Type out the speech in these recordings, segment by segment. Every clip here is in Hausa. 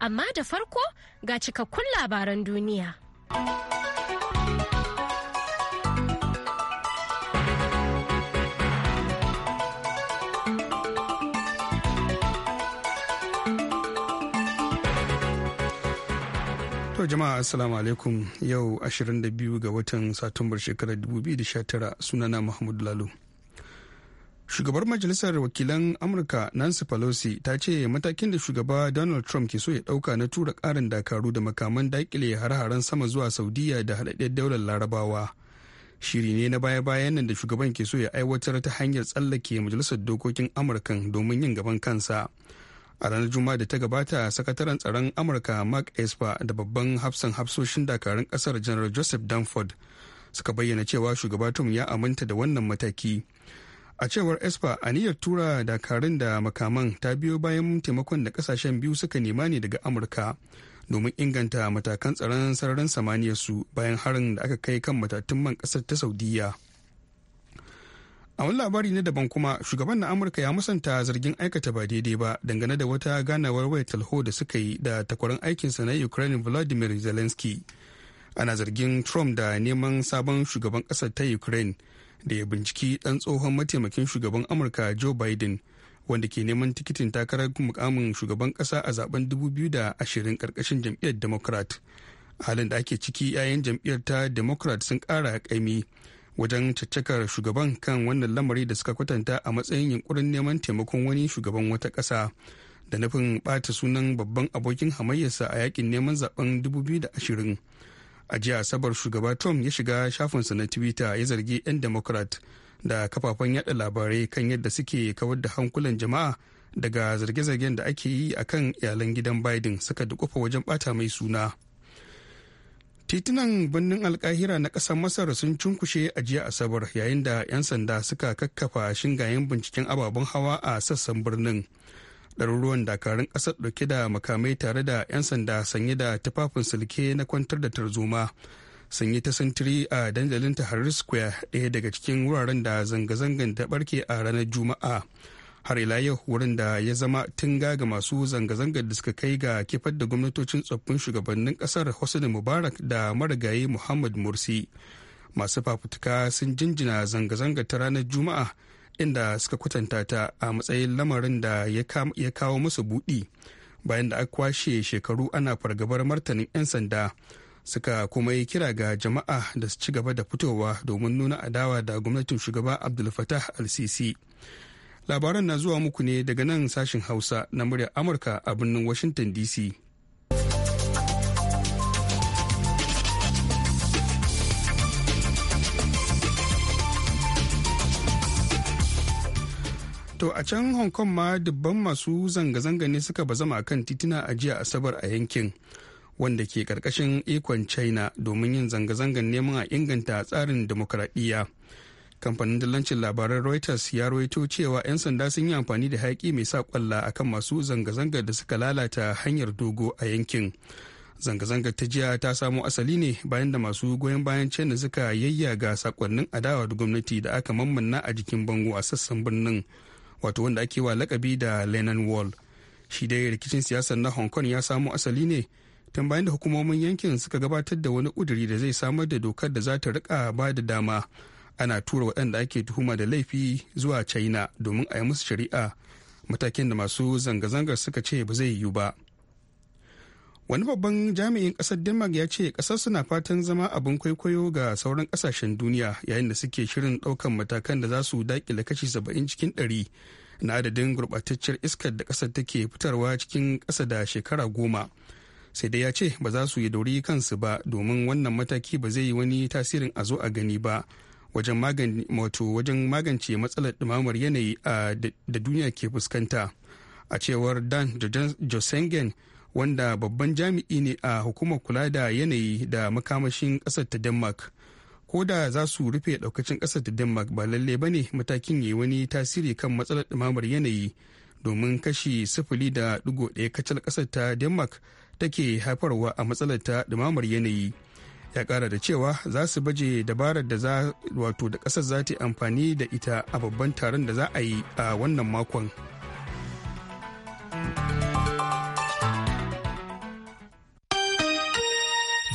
amma da farko ga cikakkun labaran duniya. To jama'a assalamu alaikum yau 22 ga watan satumbar shekarar 2019 sunana mahmud Lalo. shugabar majalisar wakilan amurka nancy pelosi ta ce matakin da shugaba donald trump ke so ya dauka na tura karin dakaru da makaman dakile har-haren sama zuwa saudiya da haɗaɗɗen daular larabawa shiri ne na baya-bayan nan da shugaban ke so ya aiwatar ta hanyar tsallake majalisar dokokin amurkan domin yin gaban kansa a ranar juma'a da ta gabata sakataren tsaron amurka mark esper da babban hafsan hafsoshin dakarun kasar janar joseph danford suka bayyana cewa shugaba trump ya aminta da wannan mataki a cewar espa aniyar tura dakarun da makaman ta biyo bayan taimakon da kasashen biyu suka nema ne daga amurka domin inganta matakan tsaron sararin samaniyarsu bayan harin da aka kai kan matatun man kasar ta saudiya a wani labari na daban kuma shugaban na amurka ya musanta zargin aikata ba daidai ba dangane da wata ganawar wayar talho da suka yi da takwarar aikinsa na ukraine vladimir zelensky ana zargin trump da neman sabon shugaban kasar ta ukraine da ya binciki ɗan tsohon mataimakin shugaban amurka joe biden wanda ke neman tikitin takarar mukamin shugaban kasa a zaben 2020 karkashin jam'iyyar democrat halin da ake ciki 'ya'yan jam'iyyar ta democrat sun ƙara ƙaimi wajen caccakar shugaban kan wannan lamari da suka kwatanta a matsayin yunkurin neman taimakon wani shugaban wata ƙasa da nufin bata sunan babban abokin hamayyarsa a yakin neman zaben 2020 a jiya asabar shugaba trump ya shiga shafinsa na twitter ya zargi 'yan democrat da kafafen yada labarai kan yadda suke kawar da hankulan jama'a daga zarge-zargen da ake yi a kan iyalan gidan biden suka dukufa wajen bata mai suna titunan birnin alkahira na ƙasar masar sun cunkushe a jiya asabar yayin da 'yan sanda suka kakkafa shingayen binciken ababen hawa a sassan birnin ɗaruruwan dakarun ƙasar ɗauke da makamai tare da 'yan sanda sanye da tufafin silke na kwantar da tarzoma sanye ta sintiri a dandalin tahrir square ɗaya daga cikin wuraren da zanga-zangan ta barke a ranar juma'a har ila yau wurin da ya zama tunga ga masu zanga-zangar da suka kai ga kifar da gwamnatocin tsoffin shugabannin ƙasar hosni mubarak da marigayi muhammad morsi masu fafutuka sun jinjina zanga-zangar ta ranar juma'a inda suka kwatanta ta a matsayin lamarin da ya kawo musu buɗi bayan da aka kwashe shekaru ana fargabar martanin 'yan sanda suka kuma yi kira ga jama'a da su ci gaba da fitowa domin nuna adawa da gwamnatin shugaba abdul fatah al-sisi labaran na zuwa muku ne daga nan sashen hausa na murya amurka a birnin washington dc To a can Hong Kong ma dubban masu zanga-zanga ne suka bazama a kan titina a jiya Asabar a yankin wanda ke karkashin ikon China domin yin zanga-zangan neman a inganta tsarin demokradiyya. Kamfanin dillancin labaran Reuters ya rawaito cewa 'yan sanda sun yi amfani da haƙi mai sa kwalla akan masu zanga-zangar da suka lalata hanyar dogo a yankin. zanga-zangar ta jiya ta samo asali ne bayan da masu goyon bayan china suka yayyaga sakonnin adawa da gwamnati da aka mammanna a jikin bango a sassan birnin wato wanda ake wa lakabi da lenin wall shi dai rikicin siyasar na hong kong ya samo asali ne tun bayan da hukumomin yankin suka gabatar da wani kuduri da zai samar da dokar da za ta rika ba da dama ana tura waɗanda ake tuhuma da laifi zuwa china domin a yi musu shari'a matakin da masu zanga-zangar suka ce ba zai yiwu ba wani babban jami'in kasar denmark ya ce kasar suna fatan zama abin kwaikwayo ga sauran kasashen duniya yayin da suke shirin daukan matakan da za su dakile kashi saba'in cikin ɗari na adadin gurbatacciyar iskar da ƙasar take fitarwa cikin kasa da shekara goma sai dai ya ce ba za su yi dauri kansu ba domin wannan mataki ba zai yi wani tasirin a zo a gani ba wajen magance matsalar ɗumamar yanayi da duniya ke fuskanta a cewar dan josengen wanda babban jami'i ne a hukumar kula da yanayi da makamashin kasar ta denmark ko da za su rufe ɗaukacin kasar ta denmark ba lalle ba ne matakin yi wani tasiri kan matsalar ɗumamar yanayi domin kashi sifili da ɗigo ɗaya kacal ƙasar ta denmark take haifarwa a matsalar ta ɗumamar yanayi ya ƙara da cewa za su baje dabarar da za wato da kasar za ta amfani da ita a babban taron da za a yi a wannan makon.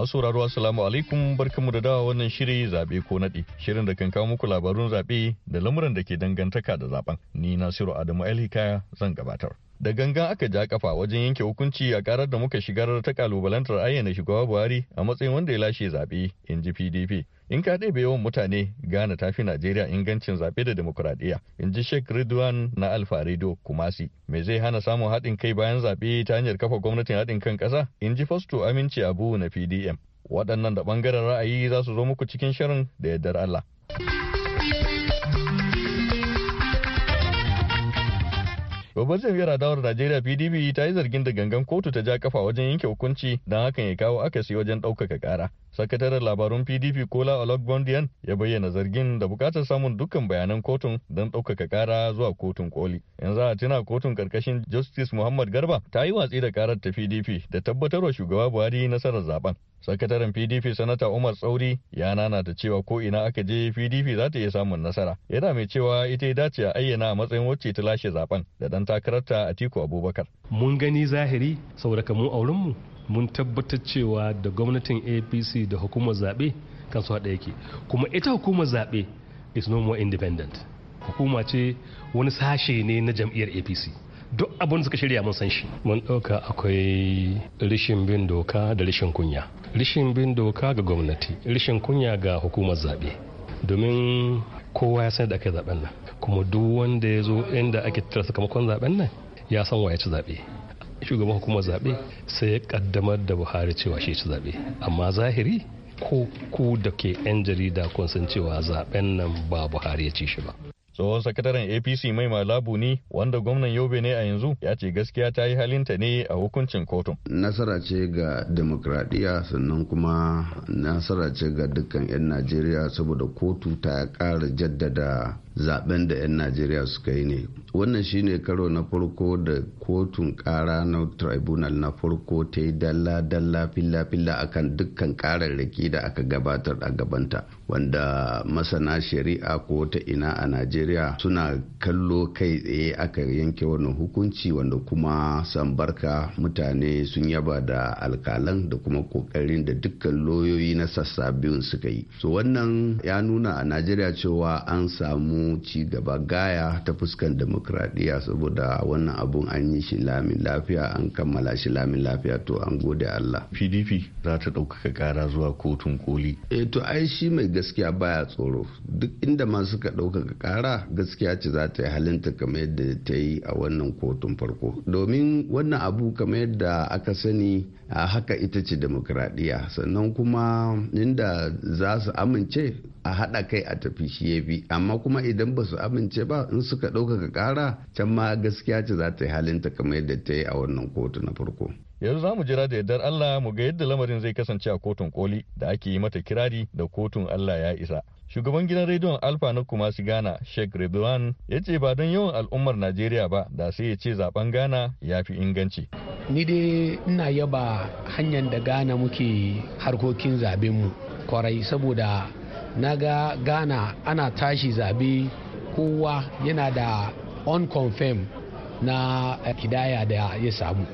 Masu sauraro Assalamu alaikum kamu da dawa wannan shiri zaɓe ko naɗi, Shirin da kan kawo muku labarun zaɓe da lamuran da ke dangantaka da zaɓen, Ni Nasiru Adamu Alhikaya zan gabatar. da gangan aka ja kafa wajen yanke hukunci a karar da muka shigar ta kalubalantar ayyana shugaba buhari a matsayin wanda ya lashe zaɓe in ji pdp in ka ɗebe yawan mutane ghana tafi najeriya ingancin zaɓe da demokuraɗiyya in ji sheikh ridwan na alfaredo kumasi me zai hana samun haɗin kai bayan zaɓe ta hanyar kafa gwamnatin haɗin kan ƙasa in ji fasto aminci abu na pdm waɗannan da ɓangaren ra'ayi za su zo muku cikin shirin da yardar allah Babbar jam'iyyar adawar Najeriya PDP ta yi zargin da gangan kotu ta ja kafa wajen yanke hukunci don hakan ya kawo akasi wajen ɗaukaka ƙara. sakataren labarun pdp kola olagbondiyan ya bayyana zargin da bukatar samun dukkan bayanan kotun don ɗaukaka kara zuwa kotun koli yanzu a tuna kotun karkashin justice muhammad garba ta yi watsi da karar ta pdp da tabbatarwa shugaba buhari nasarar zaben sakataren pdp sanata umar tsauri ya ta cewa ko ina aka je pdp za ta iya samun nasara yana mai cewa ita ya dace a ayyana a matsayin wacce ta lashe zaben da dan takararta atiku abubakar mun gani zahiri saboda mu aurenmu mun tabbatar cewa da gwamnatin apc da hukumar zaɓe kan su haɗa yake kuma ita hukumar zaɓe is no more independent hukuma ce wani sashe ne na jam'iyyar apc duk abin suka shirya mun san shi mun ɗauka akwai rishin bin doka da rishin kunya rishin bin doka ga gwamnati rishin kunya ga hukumar zaɓe domin kowa ya san da aka zaɓen nan kuma duk wanda ya zo inda ake tattara sakamakon zaɓen nan ya san wa ya ci zaɓe shugaban hukumar zaɓe sai ya kaddamar da buhari cewa shi ci zaɓe amma zahiri ko ku da ke 'yan jarida kun san cewa zaɓen nan ba buhari ya ci shi ba tsohon sakataren apc mai malabu ne wanda gwamnan yobe ne a yanzu ya ce gaskiya ta yi halinta ne a hukuncin kotun nasara ce ga demokradiyya sannan kuma nasara ce ga dukkan 'yan najeriya saboda kotu ta ƙara jaddada zaben da 'yan najeriya suka yi ne wannan shine karo na farko da kotun kara na tribunal na farko ta yi dalla-dalla filla-filla akan dukkan kararraki da aka gabatar a gabanta wanda masana shari'a ko ta ina a najeriya suna kallo kai tsaye aka yanke wannan hukunci wanda kuma sambarka mutane sun yaba da alkalan da kuma kokarin da dukkan lauyoyi na sassa biyun suka yi so wannan ya nuna a najeriya cewa an samu ci gaba gaya ta fuskan demokradiyya saboda wannan abun an yi shi lamin lafiya an kammala shi lamin lafiya to an gode Allah. PDP za ta ɗaukaka ƙara zuwa kotun koli. eh to ai shi mai gaskiya baya tsoro duk inda ma suka ɗaukaka kara gaskiya ce za ta yi halinta kamar yadda ta yi a wannan kotun farko. Domin wannan abu kamar yadda aka sani a haka ita ce demokradiyya sannan kuma inda za su amince a haɗa kai a tafi shi ya bi amma kuma idan ba su amince ba in suka ɗaukaka ƙara can ma gaskiya ce za ta yi halinta kamar yadda ta yi a wannan kotu na farko. yanzu za mu jira da yardar Allah mu ga yadda lamarin zai kasance a kotun koli da ake yi mata kirari da kotun Allah ya isa. Shugaban gidan rediyon Alfa na Kumasi Ghana, Sheikh Redwan, ya ce ba don yawan al'ummar Najeriya ba da sai ya ce zaben Ghana ya fi inganci. Ni dai ina yaba hanyar da Ghana muke harkokin zaben mu kwarai saboda na ga ghana ana tashi zabe kowa yana da unconfirmed na kidaya eh, da ya samu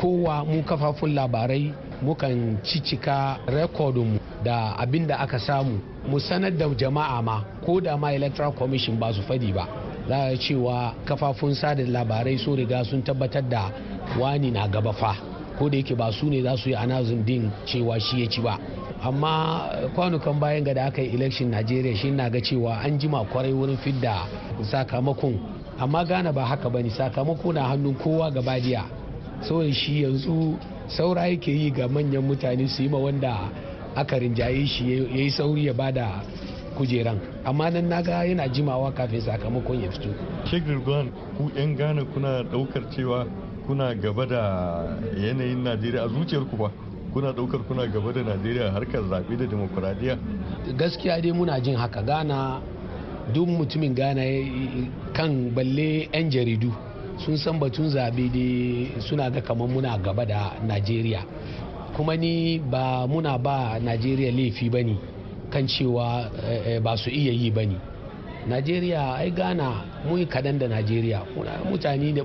kowa mu kafafun labarai mukan cicika rekodinmu da abin da aka samu mu sanar da jama'a ma ko da ma electoral commission ba su fadi ba za a cewa kafafun sada labarai sun riga sun tabbatar da wani na gaba fa ko da yake ba su ne za su yi anazin din cewa shi ya ci ba amma kwanukan bayan ga da aka yi election najeriya shi na ga cewa an jima kwarai wurin fidda sakamakon amma ghana ba haka bane sakamako na hannun kowa jiya. saboda shi yanzu saura yake yi ga manyan mutane su yi ma wanda aka rinjaye shi yayi sauri ya bada kujeran amma nan naga yana jimawa kafin sakamakon ya fito sheikh Rilwan ku yan ghana kuna daukar cewa kuna gaba da yanayin najeriya a zuciyarku ba kuna daukar kuna gaba da najeriya harkar zaɓe da demokuraɗiyya gaskiya dai muna jin haka gana duk mutumin gana kan balle 'yan jaridu sun san batun zaɓe dai suna ga kamar muna gaba da najeriya kuma ni ba muna ba najeriya laifi ba ne kan cewa eh, ba su iya yi ba ne najeriya ai ghana mun kadan da najeriya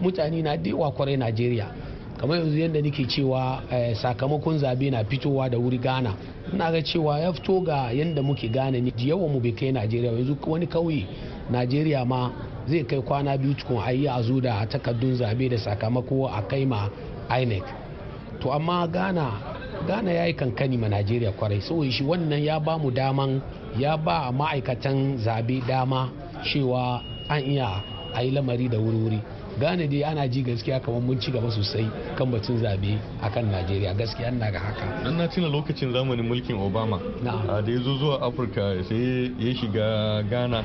mutane na dewa kwarai najeriya kamar yanzu yadda nake cewa eh, sakamakon zabe na fitowa da wuri ghana ina ga cewa ya fito ga yadda muke gane ni yawan mu bai kai najeriya yanzu wani kauye najeriya ma zai kai kwana biyu tukun ayi a zo da takardun zabe da sakamako a kai ma inec to amma ghana ghana ya yi kankani ma najeriya kwarai saboda shi wannan ya ba mu daman ya ba ma'aikatan zabe dama cewa an iya a yi lamari da wuri-wuri gane dai ana ji gaskiya kamar mun ci gaba sosai kan batun zabe a kan najeriya gaskiya na ga haka dan na tuna lokacin zamanin mulkin obama da ya zo zuwa afirka sai ya shiga ghana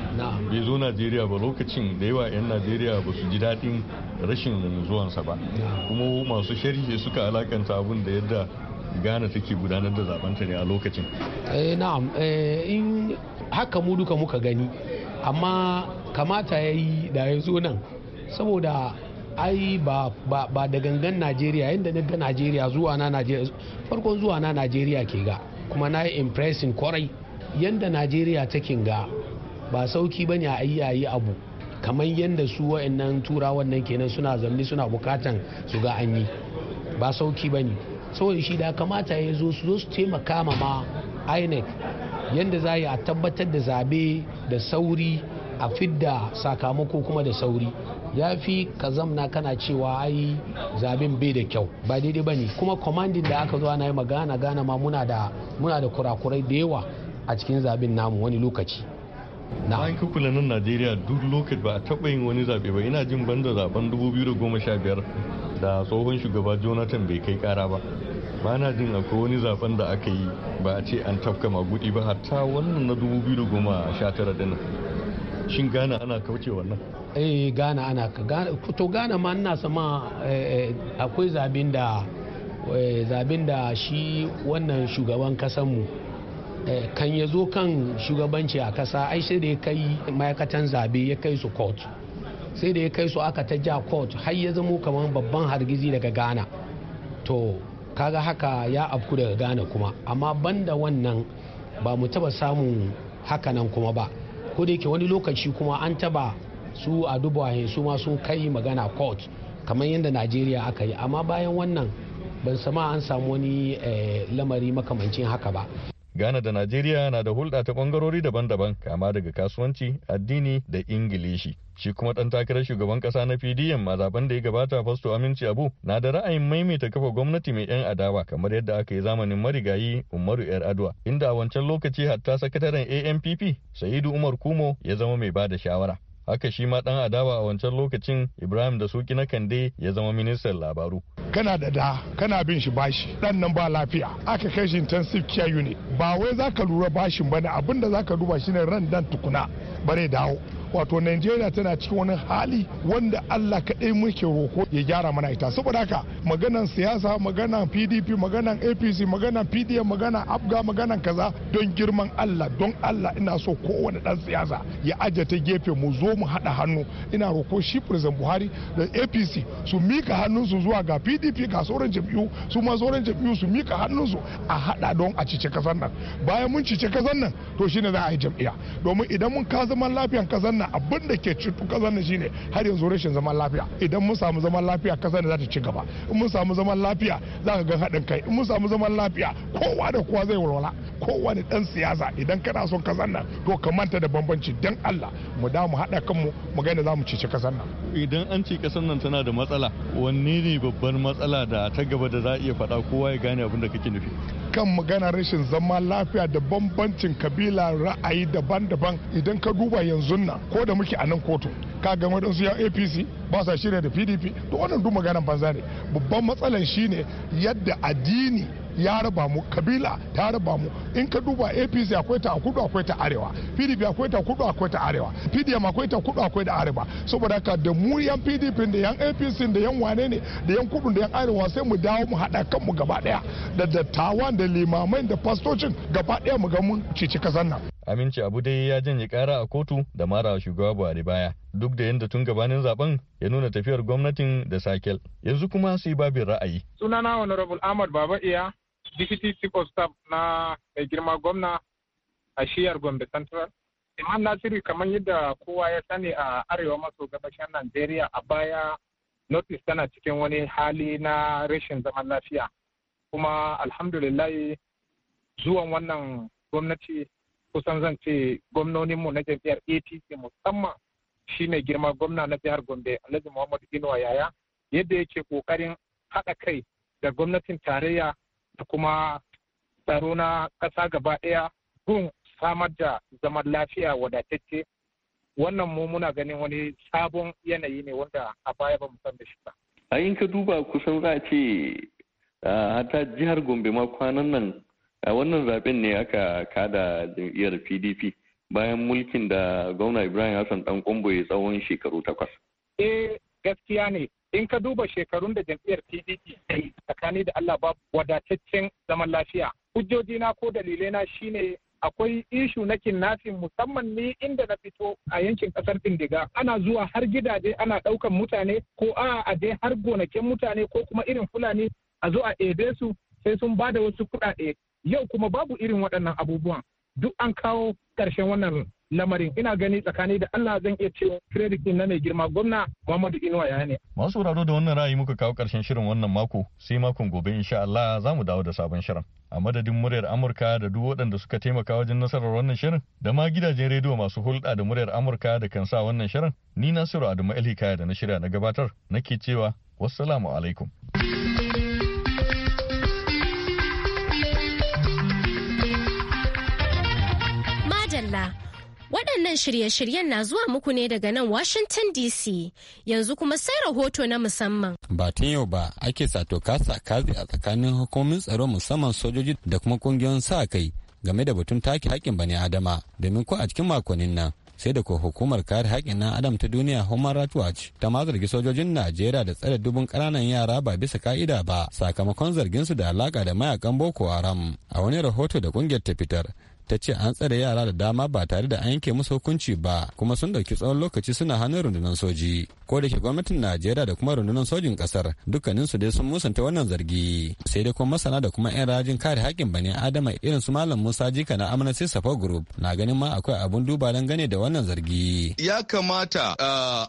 bai zo najeriya ba lokacin da yawa 'yan najeriya ba su ji daɗin rashin zuwansa ba kuma masu sharhi suka alakanta abin da yadda ghana take gudanar da zabanta ne a lokacin eh na'am eh, in haka mu duka muka gani amma kamata ya yi da ya zo nan saboda ai ba da gangan najeriya yadda na ga najeriya zuwa na najeriya farkon zuwa na najeriya ke ga kuma na yi impressing kwarai yadda najeriya take ga ba sauki ba ne a yayi abu kamar yadda su wa'annan turawan nan kenan suna zamni suna bukatan su ga an yi ba sauki ba ne saboda shi da kamata ya zo su zo su taimaka ma inec yadda za a tabbatar da zabe da sauri a fidda sakamako kuma da sauri ya fi ka zamna kana cewa ai zaben bai da kyau ba daidai ba ne kuma kwamandin da aka zo ana yi magana gana ma muna da muna da kurakurai da yawa a cikin zaben namu wani lokaci bayan kula nan najeriya duk lokaci ba a taba yin wani zaɓe ba ina jin banda zaben 2015 da tsohon shugaba jonathan bai kai kara ba ba na jin akwai wani zaben da aka yi ba a ce an tafka magudi ba hatta wannan na 2019 dinnan shin gana ana kauce wannan eh gana ana to gana ma ina sama eh, eh, akwai zabin da eh, zabin da shi wannan shugaban kasanmu kan ya zo kan shugabanci a kasa ai sai da ya kai ma'aikatan zabe ya kai su court sai da ya kai su aka ta ja court har ya zamo kamar babban hargizi daga gana to kaga haka ya afku daga gana kuma amma banda wannan ba mu taba samun hakanan kuma ba ko da yake wani lokaci kuma an taba su a dubahe su ma sun kai magana court kamar yadda najeriya aka yi amma bayan wannan ban sama an samu wani eh, lamari makamancin haka ba Ghana da Najeriya na da hulɗa ta ɓangarori daban-daban kama daga kasuwanci, addini da Ingilishi. Shi kuma ɗan takarar shugaban ƙasa na PDM a zaben da ya gabata Fasto Aminci Abu na da ra'ayin maimaita kafa gwamnati mai 'yan adawa kamar yadda aka yi zamanin marigayi Umaru ‘yar Adwa inda a wancan lokaci hatta sakataren ANPP Sa'idu Umar Kumo ya zama mai ba da shawara. haka shi ma dan adawa a wancan lokacin ibrahim da soki na kande ya zama ministan labaru kana da da kana bin shi bashi dan nan ba lafiya aka kai shi intensive care unit ba wai zaka lura bashin ba bane abinda zaka duba shine ran dan tukuna bare dawo wato najeriya tana cikin wani hali wanda allah kaɗai muke roko ya gyara mana ita saboda haka maganan siyasa maganan pdp maganan apc maganan pdm maganan abga maganan kaza don girman allah don allah ina so kowane ɗan siyasa ya aje ta gefe mu zo mu haɗa hannu ina roko shi president buhari da apc su mika hannunsu zuwa ga pdp ga sauran jam'iyyu su ma sauran jam'iyyu su mika hannunsu a haɗa don a cice kasar nan bayan mun cice kasar nan to shine za a yi jam'iyya domin idan mun ka zaman lafiyan kasan nan wannan abin da ke cutu kasar nan shine har yanzu rashin zaman lafiya idan mun samu zaman lafiya kasar nan za ta ci gaba in mun samu zaman lafiya za ka ga haɗin kai in mun samu zaman lafiya kowa da kowa zai walwala kowane dan siyasa idan kana son kasar nan to ka manta da bambanci dan Allah mu da mu haɗa kanmu mu ga yadda za mu cece kasar nan idan an ce kasar nan tana da matsala wanne ne babban matsala da ta gaba da za a iya faɗa kowa ya gane abin da kake nufi kan magana rashin zama lafiya da bambancin kabila ra'ayi daban-daban idan ka duba yanzu nan ko da muke a nan kotu ka ga waɗansu yan apc ba sa shirya da pdp to wannan duk maganan banza ne babban matsalan shine yadda addini ya raba mu kabila ta raba mu in ka duba apc akwai ta kudu akwai ta arewa pdp akwai ta kudu akwai ta arewa pdm akwai ta kudu akwai da arewa saboda ka da mu yan pdp da yan apc da yan wane ne da yan kudu da yan arewa sai mu dawo mu haɗa kanmu gaba ɗaya da dattawan da limamai da fastocin gaba daya mu ga mun cici kasan nan aminci abu dai ya janye kara a kotu da mara shugaba buhari baya duk da yadda tun gabanin zaben ya nuna tafiyar gwamnatin da sakel yanzu kuma sai babin ra'ayi sunana honorable ahmad baba iya deputy chief of staff na mai girma gwamna a shiyar gombe central Iman nasiru kamar yadda kowa ya sani a arewa maso gabashin najeriya a baya northeast tana cikin wani hali na rashin zaman lafiya kuma alhamdulillah zuwan wannan gwamnati kusan zan ce gwamnoninmu na jam'iyyar atc musamman shi mai girma gwamna na jihar gombe alhaji muhammadu inuwa yaya yadda yake kokarin haɗa kai da gwamnatin tarayya da kuma tsaro na ƙasa gaba ɗaya don samar da zaman lafiya wadatacce wannan mu muna ganin wani sabon yanayi ne wanda a baya ba san da shi ba. A in ka duba kusan za a ce hata jihar Gombe ma kwanan nan a wannan zaben ne aka kada jam'iyyar PDP bayan mulkin da gwamna Ibrahim Hassan dan Kombo ya tsawon shekaru takwas. Eh gaskiya ne in ka duba shekarun da jam'iyyar pdp ta yi tsakani da allah ba wadataccen zaman lafiya hujjoji na ko dalilai na shine akwai ishu na kinnafin musamman ni inda na fito a yankin kasar Bindiga ana zuwa har gidaje ana ɗaukan mutane ko a a har gonakin mutane ko kuma irin fulani a zo a ebe su sai sun bada wasu kuɗaɗe yau kuma babu irin waɗannan abubuwan duk an kawo ƙarshen wannan lamarin ina gani tsakani da Allah zan iya cewa credit din na mai girma gwamna Muhammadu Inuwa ya ne. Masu sauraro da wannan ra'ayi muka kawo karshen shirin wannan mako sai makon gobe insha Allah za mu dawo da sabon shirin. A madadin muryar Amurka da duk waɗanda suka taimaka wajen nasarar wannan shirin da ma gidajen rediyo masu hulɗa da muryar Amurka da kan sa wannan shirin ni Nasiru Adamu Elhikaya da na shirya na gabatar nake cewa wassalamu alaikum. Madalla Waɗannan shirye-shiryen na zuwa muku ne daga nan Washington DC yanzu kuma sai rahoto na musamman. Ba tun yau ba ake sato kasa kazi a tsakanin hukumomin tsaro musamman sojoji da kuma kungiyoyin sa kai game da batun take haƙƙin bani adama domin ko a cikin makonnin nan sai da ko hukumar kare haƙƙin na adam ta duniya human rights watch ta ma zargi sojojin najeriya da tsare dubun ƙananan yara ba bisa ka'ida ba sakamakon zarginsu da alaƙa da mayakan boko haram a wani rahoto da ƙungiyar ta fitar ta ce an tsare yara da dama ba tare da an yanke musu hukunci ba kuma sun dauki tsawon lokaci suna hannun rundunar soji ko da ke gwamnatin najeriya da kuma rundunar sojin kasar dukkanin su dai sun musanta wannan zargi sai dai kuma masana da kuma yan rajin kare haƙƙin bani adama irin su malam musa jika na amnesty support group na ganin ma akwai abun duba dan gane da wannan zargi ya kamata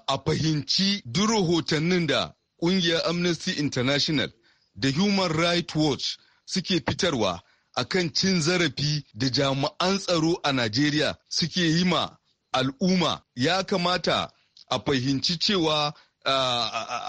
a fahimci duk rahotannin da kungiyar amnesty international da human rights watch suke fitarwa akan cin zarafi da jami'an tsaro a Najeriya suke yi ma al'umma ya kamata a fahimci cewa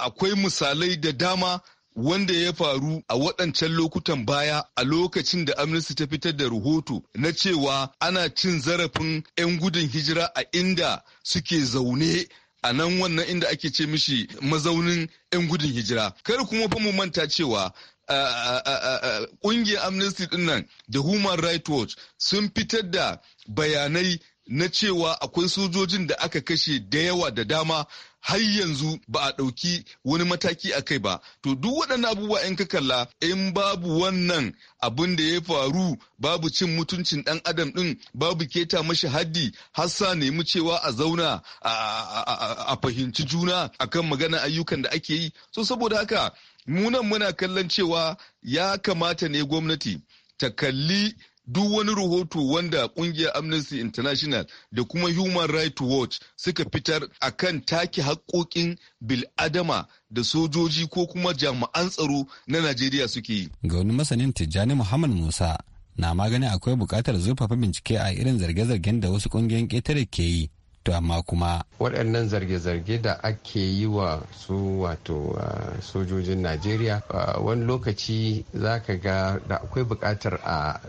akwai misalai da dama wanda ya faru a waɗancan lokutan baya a lokacin da amnesty ta fitar da rahoto na cewa ana cin zarafin 'yan gudun hijira a inda suke zaune a nan wannan inda ake ce mishi mazaunin 'yan gudun hijira kar kuma fa mu manta cewa ƙungiyar amnesty din nan da human rights watch sun fitar da bayanai na cewa akwai sojojin da aka kashe da yawa da dama har yanzu ba a ɗauki wani mataki a kai ba to duk waɗannan abubuwa in ka kalla in babu wannan abin da ya faru babu cin mutuncin ɗan adam ɗin babu keta mashi haddi hassa nemi cewa a zauna a fahimci juna akan magana ayyukan da ake yi so saboda haka munan muna kallon cewa ya kamata ne gwamnati ta kalli duk wani rahoto wanda kungiyar amnesty international da kuma human rights watch suka fitar a kan take haƙoƙin bil'adama da sojoji ko kuma jami'an tsaro na najeriya suke yi ga wani masanin tijjani muhammad musa na magani akwai buƙatar zurfafa bincike a irin zarge-zargen da wasu ƙungiyoyin ƙetare ke yi to amma kuma waɗannan zarge-zarge da ake yi wa su wato uh, sojojin najeriya uh, wani lokaci za ka ga da akwai buƙatar a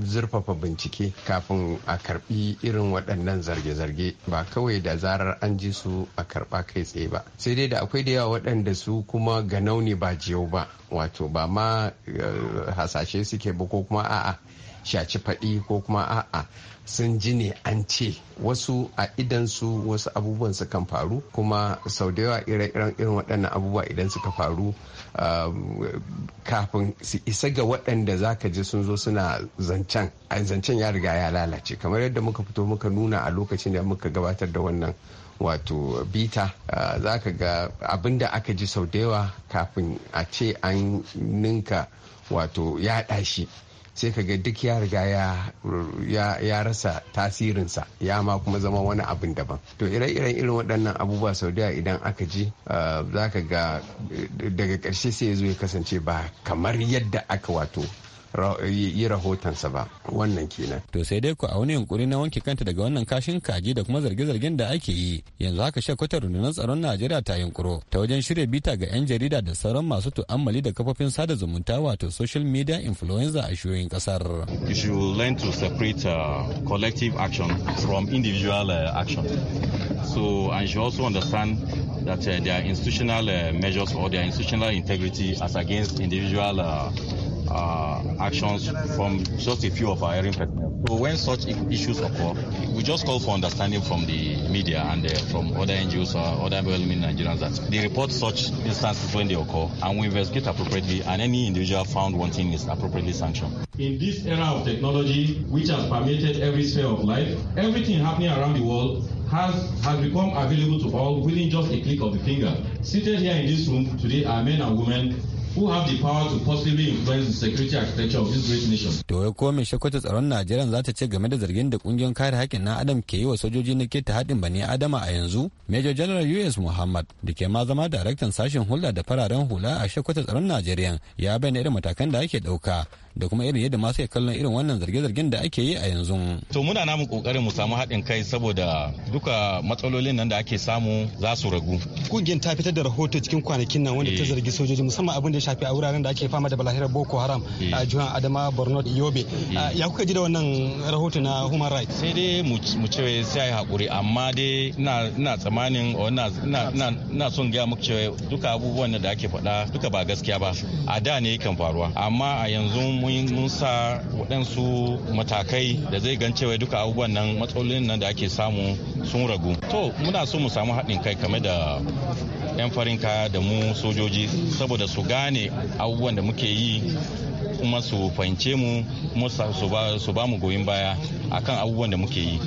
zurfafa bincike kafin a karbi irin waɗannan zarge-zarge ba kawai da zarar an ji su a karɓa kai tsaye ba sai dai da akwai da yawa waɗanda su kuma ganau ne ba jiyau ba wato ba ma uh, hasashe suke ba ko kuma a'a shaci faɗi ko kuma a'a sun ji ne an ce wasu a idansu wasu abubuwan su kan faru kuma sau da yawa ire-iren irin waɗannan abubuwa idan suka faru um, kafin su isa ga waɗanda za ka ji sun zo suna zancen zancen ya riga ya lalace kamar yadda muka fito muka nuna a lokacin da muka gabatar da wannan wato bita uh, za ka ga abin da aka ji sau da yawa kafin a ce an ninka wato yaɗa shi sai ka ga duk ya riga ya rasa tasirinsa ya ma kuma zama wani abin daban to ire-iren irin waɗannan abubuwa sau da idan aka ji uh, za ka ga eh, daga ƙarshe sai ya zo ya kasance ba kamar yadda aka wato yi rahotonsa ba wannan kenan. To sai dai ku a wani yunkuri na wanke kanta daga wannan kashin kaji da kuma zarge-zargen da ake yi yanzu haka kwatar rundunar tsaron Najeriya ta yunkuro ta wajen shirya bita ga 'yan jarida da sauran masu tu'ammali da kafofin sada zumunta wato social media influenza a shiyoyin kasar. You should learn to separate uh, collective action from individual uh, action. So and you also understand that uh, their institutional uh, measures or their institutional integrity as against individual uh, uh, actions from just a few of our hearing personnel. So when such issues occur, we just call for understanding from the media and uh, from other NGOs or other well-meaning Nigerians that they report such instances when they occur and we investigate appropriately and any individual found wanting is appropriately sanctioned. In this era of technology, which has permeated every sphere of life, everything happening around the world has, has become available to all within just a click of the finger. Seated here in this room today are men and women who have the power to possibly influence the security architecture of this great nation. Da wai ko mai shakwata tsaron Najeriya za ta ce game da zargin da kungiyoyin kare haƙƙin na Adam ke yi wa sojoji na keta haɗin bani Adama a yanzu, Major General U.S. Muhammad da ke ma zama daraktan sashen hulɗa da fararen hula a shakwata tsaron Najeriya ya bayyana irin matakan da ake ɗauka da kuma irin yadda masu kallon irin wannan zarge-zargen da ake yi a yanzu. To muna namu kokarin mu samu haɗin kai saboda duka matsalolin nan da ake samu za su ragu. Kungiyar ta fitar da rahoto cikin kwanakin nan wanda ta eh. zargi sojoji musamman abin da ya shafi a wuraren da ake fama da balahira Boko Haram eh. a jihar Adama Borno da Yobe. Eh. Ah, ya kuka ji da wannan rahoto na Human Rights? Sai dai mu ce sai ai hakuri amma dai ina tsammanin ina son gaya muku cewa duka abubuwan da ake faɗa duka ba gaskiya ba a da ne kan faruwa amma a yanzu mun sa waɗansu matakai da zai gan cewa duka abubuwan nan matsalolin nan da ake samu sun ragu to muna so mu samu haɗin kai kame da 'yan farin kaya da mu sojoji saboda su gane abubuwan da muke yi kuma su fahimce mu kuma su ba mu goyon baya akan abubuwan da muke yi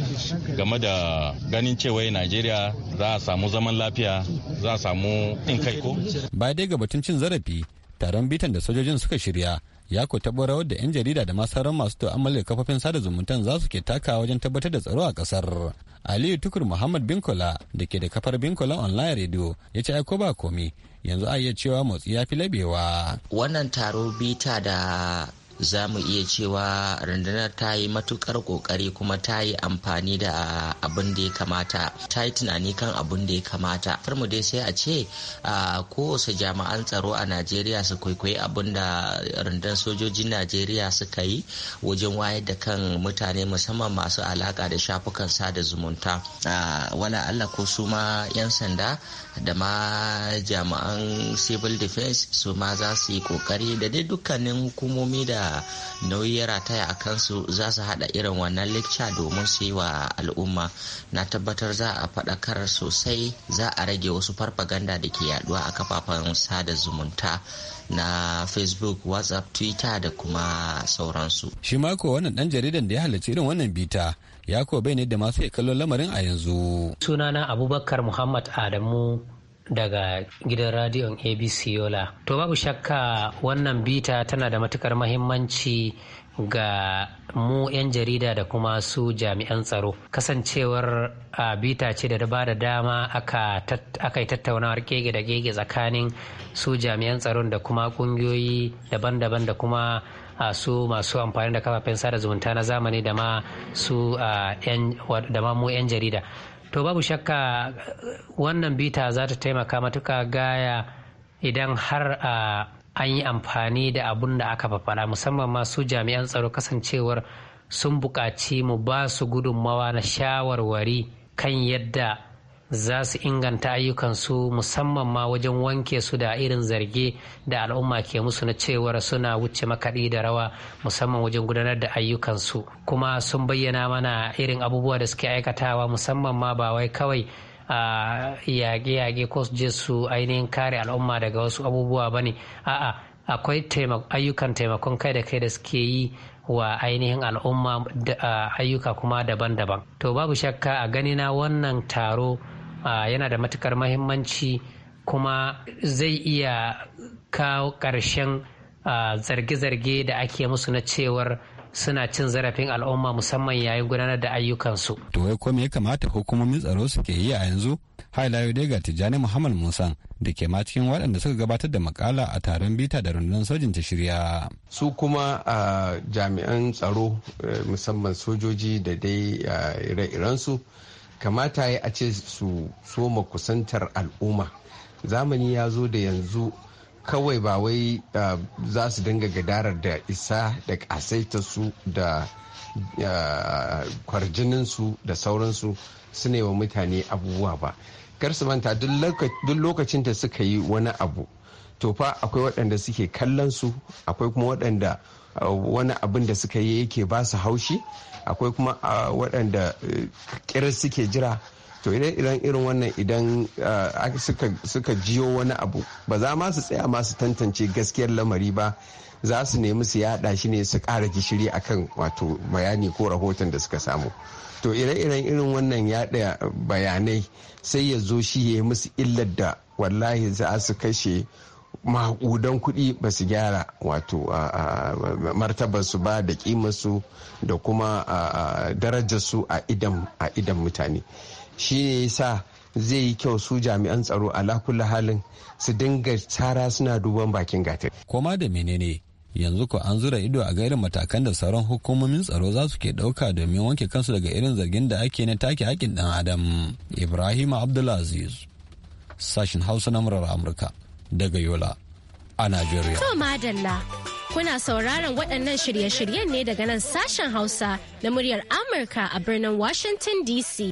game da ganin cewa najeriya za a samu zaman lafiya za a samu ɗin kai ko ba dai ga batun cin zarafi taron bitan da sojojin suka shirya ya ko taɓo rawar da 'yan jarida da ma sauran masu da kafafin sada zumuntan za su ke taka wajen tabbatar da tsaro a ƙasar. Aliyu Tukur Muhammad Binkola da ke da kafar Binkola Online Radio ya ce aiko ba komi yanzu a iya cewa motsi ya fi labewa. Wannan taro bita da za mu iya cewa rundunar ta yi matukar kokari kuma ta yi amfani da abin da ya kamata ta yi tunani kan abin da ya kamata kar mu dai sai a ce a kowace jami'an tsaro a najeriya su kwaikwayi abin da rundunar sojojin najeriya suka yi wajen wayar da kan mutane musamman masu alaka da shafukan sada zumunta wala allah ko su ma 'yan sanda da ma jami'an civil defense su ma za su yi kokari da dai dukkanin hukumomi da nauyi rataya a kansu za su hada irin wannan lecture domin su yi wa al'umma na tabbatar za a faɗakar sosai za a rage wasu farfaganda da ke yaduwa a kafafen sada zumunta na facebook whatsapp twitter da kuma sauransu shi mako wannan dan jaridan da ya halarci irin wannan bita ya kuwa bai ne da masu iya kallon lamarin a yanzu. Sunana Abubakar Muhammad Adamu daga gidan radiyon ABC Yola. To babu shakka wannan bita tana da matukar mahimmanci ga mu 'yan jarida da kuma su jami'an tsaro. Kasancewar a bita ce da ba da dama aka yi tattaunawar kege da gege tsakanin su jami'an tsaron da kuma kungiyoyi daban-daban da kuma su masu amfani da kafafen sada zumunta na zamani da ma mu 'yan jarida to babu shakka wannan bita za ta taimaka matuka gaya idan har an yi amfani da abun da aka faɗa musamman masu jami'an tsaro kasancewar sun buƙaci mu ba su gudunmawa na shawarwari kan yadda za su inganta ayyukansu musamman ma wajen wanke su da irin zarge da al'umma ke musu na cewar suna wuce makaɗi da rawa musamman wajen gudanar da ayyukansu kuma sun bayyana mana irin abubuwa da suke aikatawa musamman ma ba wai kawai a yage yaƙe ko su je su ainihin kare al'umma daga wasu abubuwa ba ne a'a akwai ayyukan taimakon kai da kai da suke yi wa ainihin al'umma ayyuka kuma daban-daban to babu shakka a ganina wannan taro yana da matukar mahimmanci kuma zai iya kawo ƙarshen zarge-zarge da ake musu na cewar suna cin zarafin al'umma musamman yayin gudanar da ayyukansu. To wai ko ya kamata hukumomin tsaro suke yi a yanzu? Hailayo dai ga Tijjani Muhammad Musan da ke ma cikin waɗanda suka gabatar da makala a taron bita da rundunar sojin ta shirya. Su kuma a jami'an tsaro eh, musamman sojoji da dai ire-irensu kamata ya a ce su soma kusantar al'umma zamani ya zo da yanzu kawai ba wai za su dinga gadarar da isa da kasaita su da kwarjininsu da sauransu su ne wa mutane abubuwa ba kar su manta duk lokacin da suka yi wani abu to fa akwai waɗanda suke kallon su akwai kuma waɗanda wani abin da suka yi yake ba su haushi akwai kuma a waɗanda kirar e, suke jira to idan irin wannan idan suka jiyo wani abu ba za ma su tsaya masu tantance gaskiyar lamari ba za su nemi su yaɗa shi ne su kara gishiri akan wato bayani ko rahoton da suka samu to ire-iren irin wannan yaɗa bayanai sai ya zo shi ya yi musu illar da wallahi za su kashe makudan kuɗi ba su gyara wato martabarsu ba da kimarsu da kuma darajarsu a idan mutane shi ne sa zai yi kyau su jami'an tsaro a lakula halin su dinga tara suna duban bakin gatar. koma da menene yanzu ko an zura ido a ga irin matakan da sauran hukumomin tsaro za su ke ɗauka domin wanke kansu daga irin zargin da ake na take haƙƙin ɗan adam ibrahim abdulaziz sashin hausa na murar amurka daga Yola a Najeriya. To madalla kuna sauraron waɗannan shirye-shiryen ne daga nan sashen Hausa na muryar Amurka a birnin Washington DC.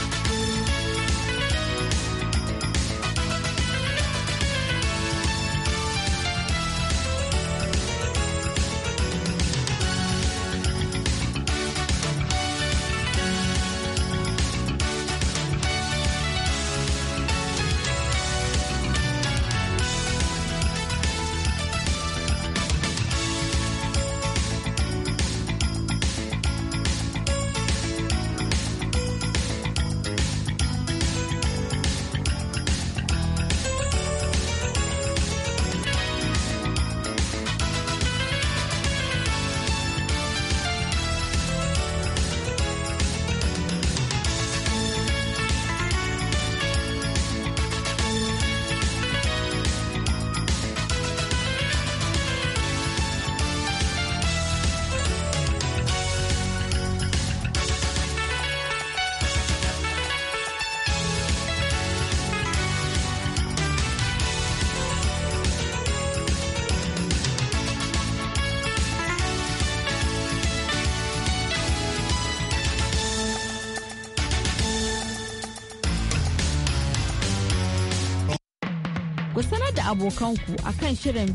abokanku akan shirin